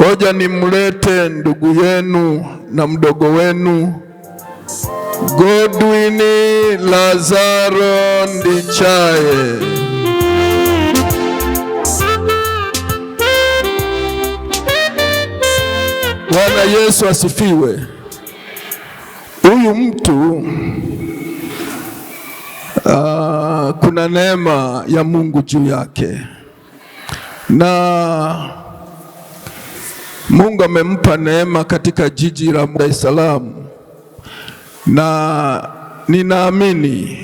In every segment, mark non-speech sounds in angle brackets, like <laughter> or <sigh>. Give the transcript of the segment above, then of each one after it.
Ngoja nimlete ndugu yenu na mdogo wenu Godwin Lazaro Ndichaye. Bwana Yesu asifiwe. Huyu mtu uh, kuna neema ya Mungu juu yake na Mungu amempa neema katika jiji la Dar es Salaam, na ninaamini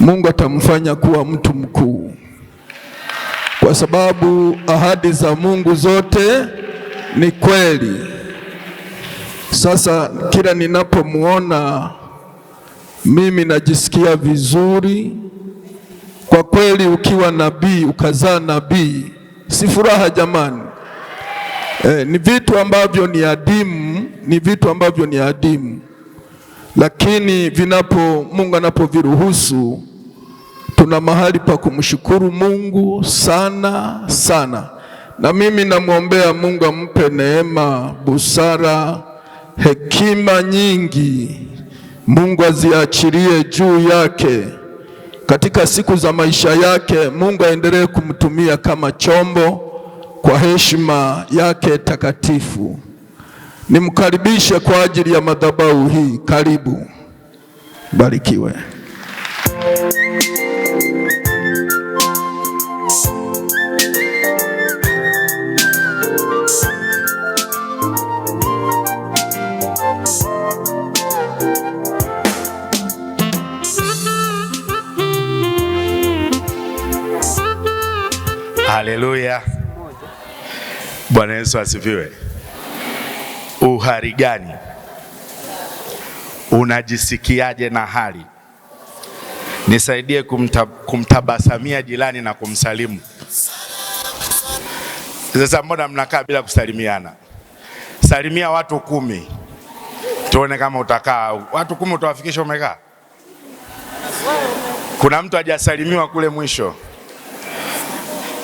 Mungu atamfanya kuwa mtu mkuu, kwa sababu ahadi za Mungu zote ni kweli. Sasa kila ninapomwona mimi najisikia vizuri kwa kweli. Ukiwa nabii ukazaa nabii, si furaha jamani? Eh, ni vitu ambavyo ni adimu, ni vitu ambavyo ni adimu, lakini vinapo Mungu anapoviruhusu tuna mahali pa kumshukuru Mungu sana sana, na mimi namwombea Mungu ampe neema, busara, hekima nyingi, Mungu aziachilie juu yake katika siku za maisha yake. Mungu aendelee kumtumia kama chombo kwa heshima yake takatifu. Nimkaribishe kwa ajili ya madhabahu hii. Karibu, barikiwe. Bwana Yesu asifiwe. Uhari gani? Unajisikiaje na hali? Nisaidie kumta, kumtabasamia jirani na kumsalimu. Sasa mbona mnakaa bila kusalimiana? Salimia watu kumi tuone kama utakaa. Watu kumi utawafikisha umekaa? Kuna mtu hajasalimiwa kule mwisho,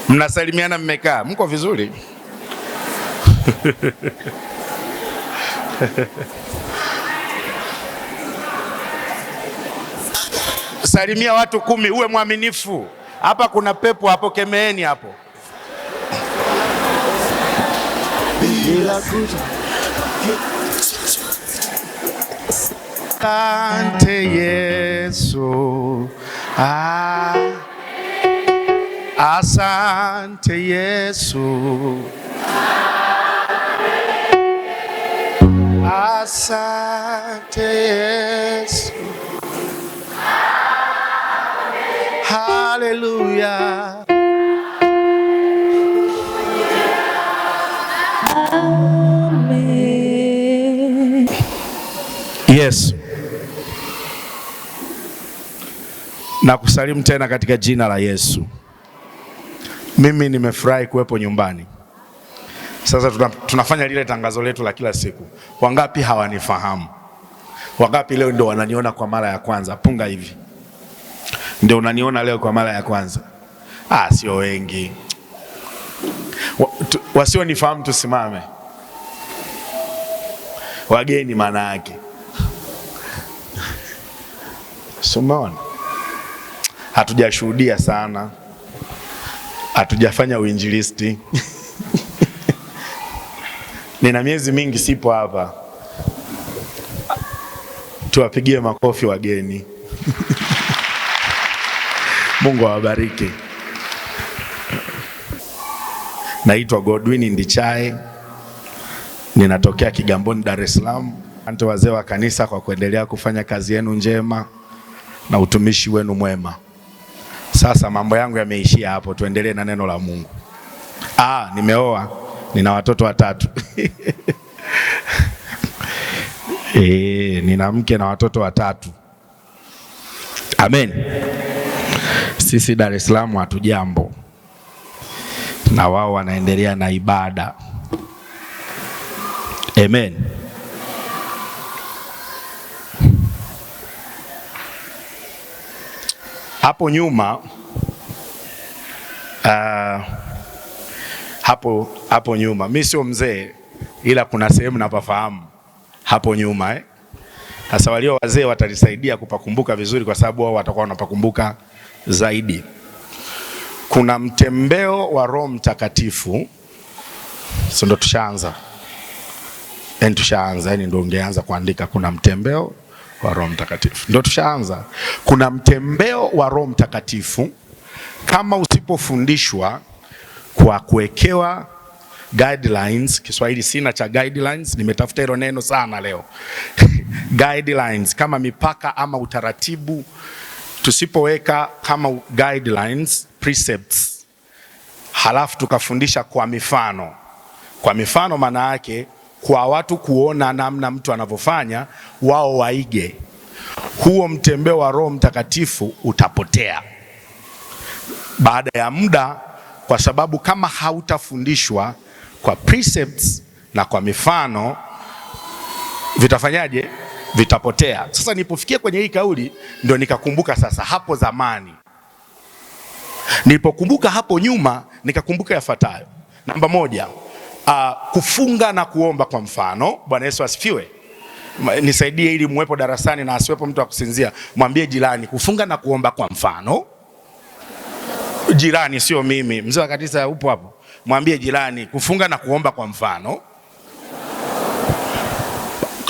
mnasalimiana mmekaa, mko vizuri. Salimia watu kumi, uwe mwaminifu. Hapa kuna pepo hapo, kemeeni hapo. Asante Yesu, ah, asante Yesu ah. Asante Yesu. Haleluya. Na kusalimu tena katika jina la Yesu. Mimi nimefurahi kuwepo nyumbani. Sasa tunafanya lile tangazo letu la kila siku. Wangapi hawanifahamu? Wangapi leo ndio wananiona kwa mara ya kwanza? Punga hivi, ndio unaniona leo kwa mara ya kwanza? Ah, sio wengi. Wasionifahamu tusimame, wageni maana yake Sumaona, hatujashuhudia sana, hatujafanya uinjilisti <laughs> Nina miezi mingi sipo hapa, tuwapigie makofi wageni <laughs> Mungu awabariki. Naitwa Godwin Ndichae, ninatokea Kigamboni, Dar es Salaam. Asante wazee wa kanisa kwa kuendelea kufanya kazi yenu njema na utumishi wenu mwema. Sasa mambo yangu yameishia hapo, tuendelee na neno la Mungu. Ah, nimeoa nina watoto watatu <laughs> e, nina mke na watoto watatu. Amen. Sisi Dar es Salaam hatujambo, na wao wanaendelea na ibada. Amen. Hapo nyuma uh, hapo, hapo nyuma. Mi sio mzee, ila kuna sehemu napafahamu hapo nyuma eh. Sasa walio wazee watalisaidia kupakumbuka vizuri, kwa sababu wao watakuwa wanapakumbuka zaidi. Kuna mtembeo wa Roho Mtakatifu, sio ndo tushaanza? Yani tushaanza, yani ndo ungeanza kuandika. Kuna mtembeo wa Roho Mtakatifu, ndo tushaanza. Kuna mtembeo wa Roho Mtakatifu, kama usipofundishwa kwa kuwekewa guidelines. Kiswahili sina cha guidelines, nimetafuta hilo neno sana leo <laughs> guidelines kama mipaka ama utaratibu. Tusipoweka kama guidelines, precepts, halafu tukafundisha kwa mifano. Kwa mifano maana yake kwa watu kuona namna mtu anavyofanya, wao waige. Huo mtembeo wa Roho Mtakatifu utapotea baada ya muda kwa sababu kama hautafundishwa kwa precepts na kwa mifano vitafanyaje? Vitapotea. Sasa nilipofikia kwenye hii kauli ndio nikakumbuka sasa hapo zamani. Nilipokumbuka hapo nyuma nikakumbuka yafuatayo. Namba moja, uh, kufunga na kuomba kwa mfano. Bwana Yesu asifiwe. Nisaidie ili muwepo darasani na asiwepo mtu akusinzia. Mwambie jirani, kufunga na kuomba kwa mfano jirani, sio mimi. Mzee wa kanisa upo hapo, mwambie jirani, kufunga na kuomba kwa mfano.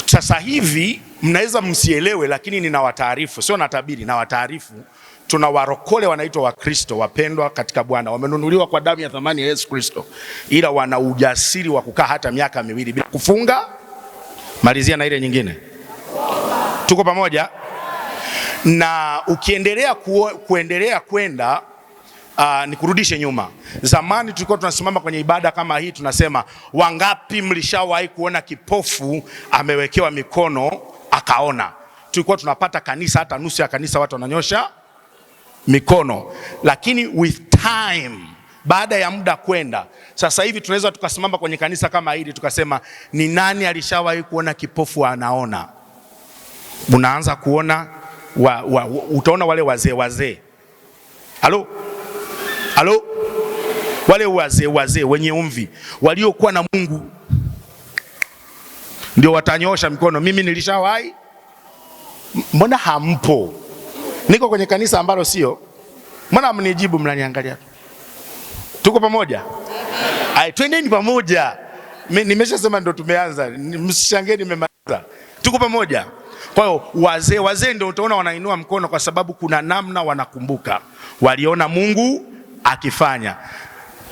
Sasa hivi mnaweza msielewe, lakini nina wataarifu sio natabiri, wataarifu tuna warokole wanaitwa Wakristo wapendwa katika Bwana, wamenunuliwa kwa damu ya thamani ya Yesu Kristo, ila wana ujasiri wa kukaa hata miaka miwili bila kufunga. Malizia na ile nyingine, tuko pamoja na ukiendelea ku, kuendelea kwenda Uh, nikurudishe nyuma. Zamani tulikuwa tunasimama kwenye ibada kama hii tunasema, wangapi mlishawahi kuona kipofu amewekewa mikono akaona? Tulikuwa tunapata kanisa, hata nusu ya kanisa watu wananyosha mikono, lakini with time, baada ya muda kwenda, sasa hivi tunaweza tukasimama kwenye kanisa kama hili tukasema, ni nani alishawahi kuona kipofu anaona? Unaanza kuona wa, wa, utaona wale wazee wazee, halo Halo, wale wazee wazee wenye umvi waliokuwa na Mungu ndio watanyosha mikono. Mimi nilishawahi. Mbona hampo? Niko kwenye kanisa ambalo sio. Mbona mnijibu mnaniangalia Tuko pamoja, twendeni pamoja. Nimeshasema ndo tumeanza, msishangae nimemaliza. Tuko pamoja. Kwa hiyo wazee wazee ndio utaona wanainua mkono, kwa sababu kuna namna wanakumbuka, waliona Mungu akifanya.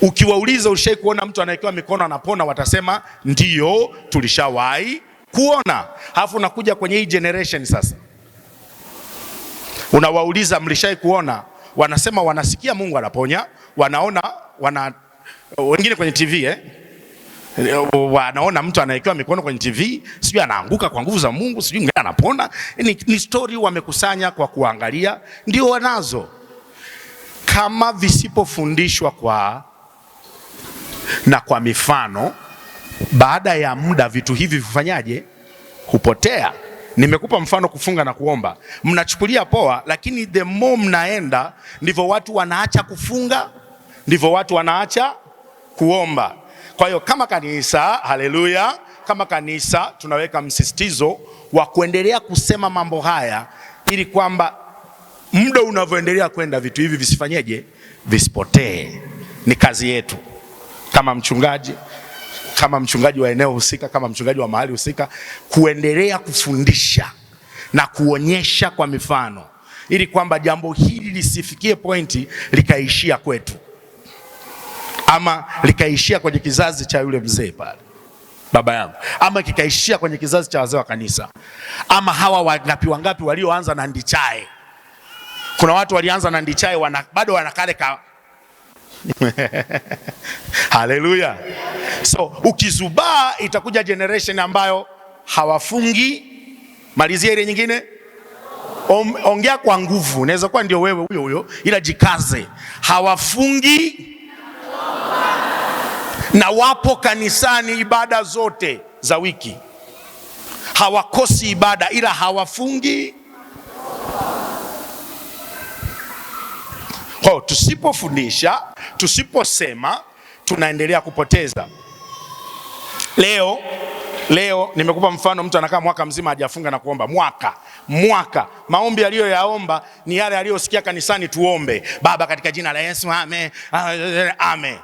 Ukiwauliza ulishawahi kuona mtu anawekewa mikono anapona, watasema ndiyo, tulishawahi kuona. Halafu unakuja kwenye hii generation sasa, unawauliza mlishai kuona, wanasema wanasikia Mungu anaponya, wanaona wana, wengine kwenye TV eh? wanaona mtu anawekewa mikono kwenye TV, sijui anaanguka kwa nguvu za Mungu, sijui anapona. Ni, ni stori wamekusanya kwa kuangalia, ndio wanazo kama visipofundishwa kwa na kwa mifano, baada ya muda vitu hivi vifanyaje? Hupotea. Nimekupa mfano kufunga na kuomba, mnachukulia poa, lakini the more mnaenda ndivyo watu wanaacha kufunga, ndivyo watu wanaacha kuomba. Kwa hiyo kama kanisa, haleluya, kama kanisa tunaweka msisitizo wa kuendelea kusema mambo haya ili kwamba muda unavyoendelea kwenda, vitu hivi visifanyeje? Visipotee. Ni kazi yetu kama mchungaji, kama mchungaji wa eneo husika, kama mchungaji wa mahali husika, kuendelea kufundisha na kuonyesha kwa mifano, ili kwamba jambo hili lisifikie pointi likaishia kwetu ama likaishia kwenye kizazi cha yule mzee pale baba yangu, ama kikaishia kwenye kizazi cha wazee wa kanisa, ama hawa wangapi wangapi walioanza na ndichae kuna watu walianza na ndichai wana, bado wanakale ka <laughs> Haleluya. So ukizubaa itakuja generation ambayo hawafungi. Malizia ile nyingine, ongea kwa nguvu. Naweza kuwa ndio wewe huyo huyo, ila jikaze. Hawafungi na wapo kanisani ibada zote za wiki, hawakosi ibada, ila hawafungi Kwa hiyo tusipofundisha, tusiposema, tunaendelea kupoteza. Leo leo nimekupa mfano, mtu anakaa mwaka mzima hajafunga na kuomba. Mwaka mwaka maombi aliyoyaomba ni yale aliyosikia kanisani, tuombe Baba katika jina la Yesu, ame ame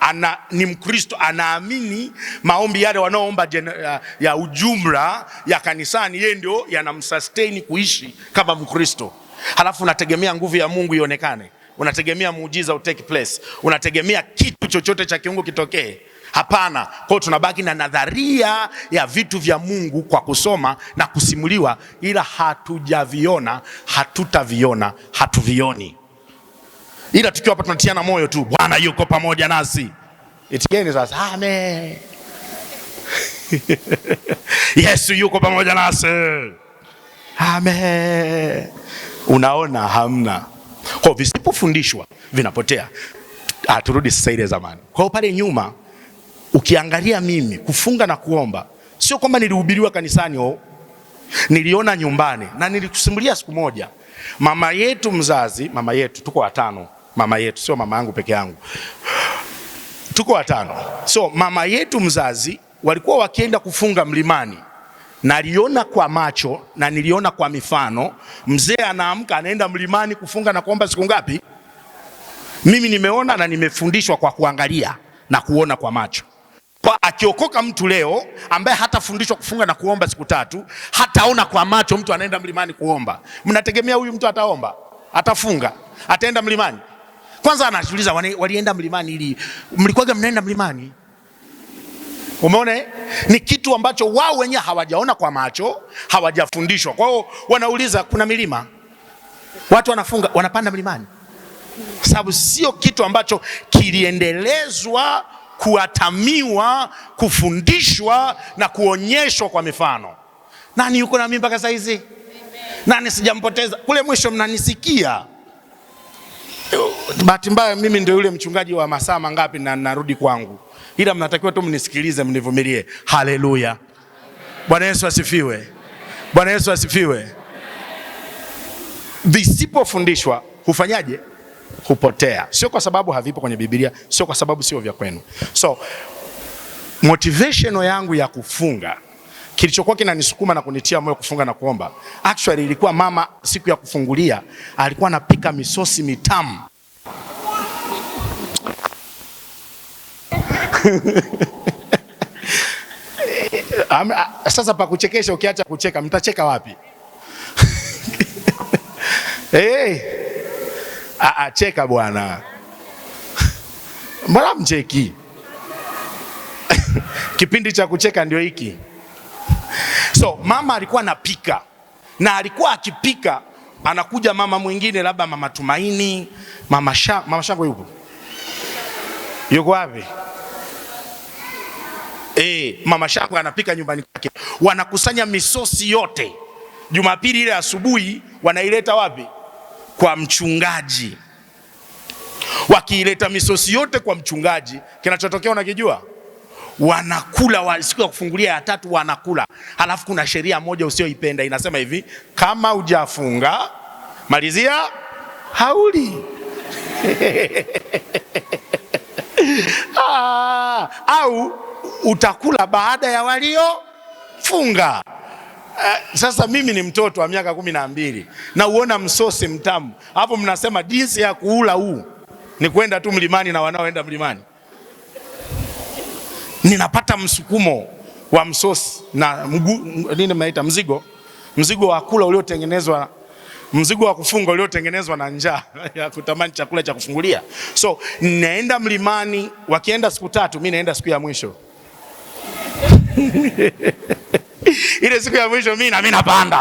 ana, ni Mkristo anaamini maombi yale wanaoomba ya, ya ujumla ya kanisani, yeye ndio yanamsustain kuishi kama Mkristo, halafu unategemea nguvu ya Mungu ionekane unategemea muujiza utake place, unategemea kitu chochote cha kiungu kitokee. Hapana. Kwa hiyo tunabaki na nadharia ya vitu vya Mungu kwa kusoma na kusimuliwa, ila hatujaviona, hatutaviona, hatuvioni, ila tukiwa hapa tunatiana moyo tu, Bwana yuko pamoja nasi. Itikeni sasa, amen. <laughs> Yesu yuko pamoja nasi, amen. Unaona hamna kwa visipofundishwa vinapotea. Ah, turudi sasa ile zamani. Kwa pale nyuma ukiangalia mimi kufunga na kuomba sio kwamba nilihubiriwa kanisani o, niliona nyumbani, na nilikusimulia siku moja, mama yetu mzazi, mama yetu, tuko watano, mama yetu, sio mama yangu peke yangu, tuko watano. So mama yetu mzazi walikuwa wakienda kufunga mlimani naliona kwa macho na niliona kwa mifano. Mzee anaamka anaenda mlimani kufunga na kuomba siku ngapi? Mimi nimeona na nimefundishwa kwa kuangalia na kuona kwa macho. Kwa akiokoka mtu leo ambaye hatafundishwa kufunga na kuomba siku tatu, hataona kwa macho mtu anaenda mlimani kuomba, mnategemea huyu mtu ataomba? Atafunga? Ataenda mlimani? Kwanza anauliza walienda mlimani ili mlikuwaga mnaenda mlimani Umeona, eh? ni kitu ambacho wao wenyewe hawajaona kwa macho, hawajafundishwa. Kwa hiyo wanauliza, kuna milima, watu wanafunga, wanapanda mlimani, sababu sio kitu ambacho kiliendelezwa kuatamiwa, kufundishwa na kuonyeshwa kwa mifano. Nani yuko na mimi mpaka saa hizi? Nani sijampoteza? Kule mwisho mnanisikia bahati mbaya mimi ndio yule mchungaji wa masaa mangapi na narudi kwangu, ila mnatakiwa tu mnisikilize, mnivumilie. Haleluya! Bwana Yesu asifiwe! Bwana Yesu asifiwe! Visipofundishwa hufanyaje? Hupotea. Sio kwa sababu havipo kwenye Biblia, sio kwa sababu sio vya kwenu. So motivation yangu ya kufunga kilichokuwa kinanisukuma na kunitia moyo kufunga na kuomba, actually ilikuwa mama siku ya kufungulia alikuwa anapika misosi mitamu. <laughs> Sasa pa kuchekesha, ukiacha kucheka mtacheka wapi? Hey, <laughs> eh. a cheka bwana, <laughs> mbona mcheki? Kipindi cha kucheka ndio hiki. So mama alikuwa anapika na alikuwa akipika, anakuja mama mwingine, labda mama Tumaini, mama Sha, mama Shangwe yupo yuko wapi? Eh, mama shako anapika nyumbani kwake, wanakusanya misosi yote. Jumapili ile asubuhi wanaileta wapi? Kwa mchungaji. Wakiileta misosi yote kwa mchungaji, kinachotokea unakijua? Wanakula siku ya kufungulia ya tatu, wanakula. Halafu kuna sheria moja usioipenda inasema hivi, kama hujafunga malizia hauli <laughs> ah, au utakula baada ya waliofunga. funga eh, sasa mimi ni mtoto wa miaka kumi na mbili na uona msosi mtamu hapo, mnasema jinsi ya kuula huu ni kwenda tu mlimani na wanaoenda mlimani. Ninapata msukumo wa msosi na mgu, nini mnaita mzigo, mzigo wa kula uliotengenezwa, mzigo wa kufunga uliotengenezwa na njaa <laughs> ya kutamani chakula cha kufungulia. So naenda mlimani, wakienda siku tatu, mi naenda siku ya mwisho ile siku ya mwisho mimi na mimi napanda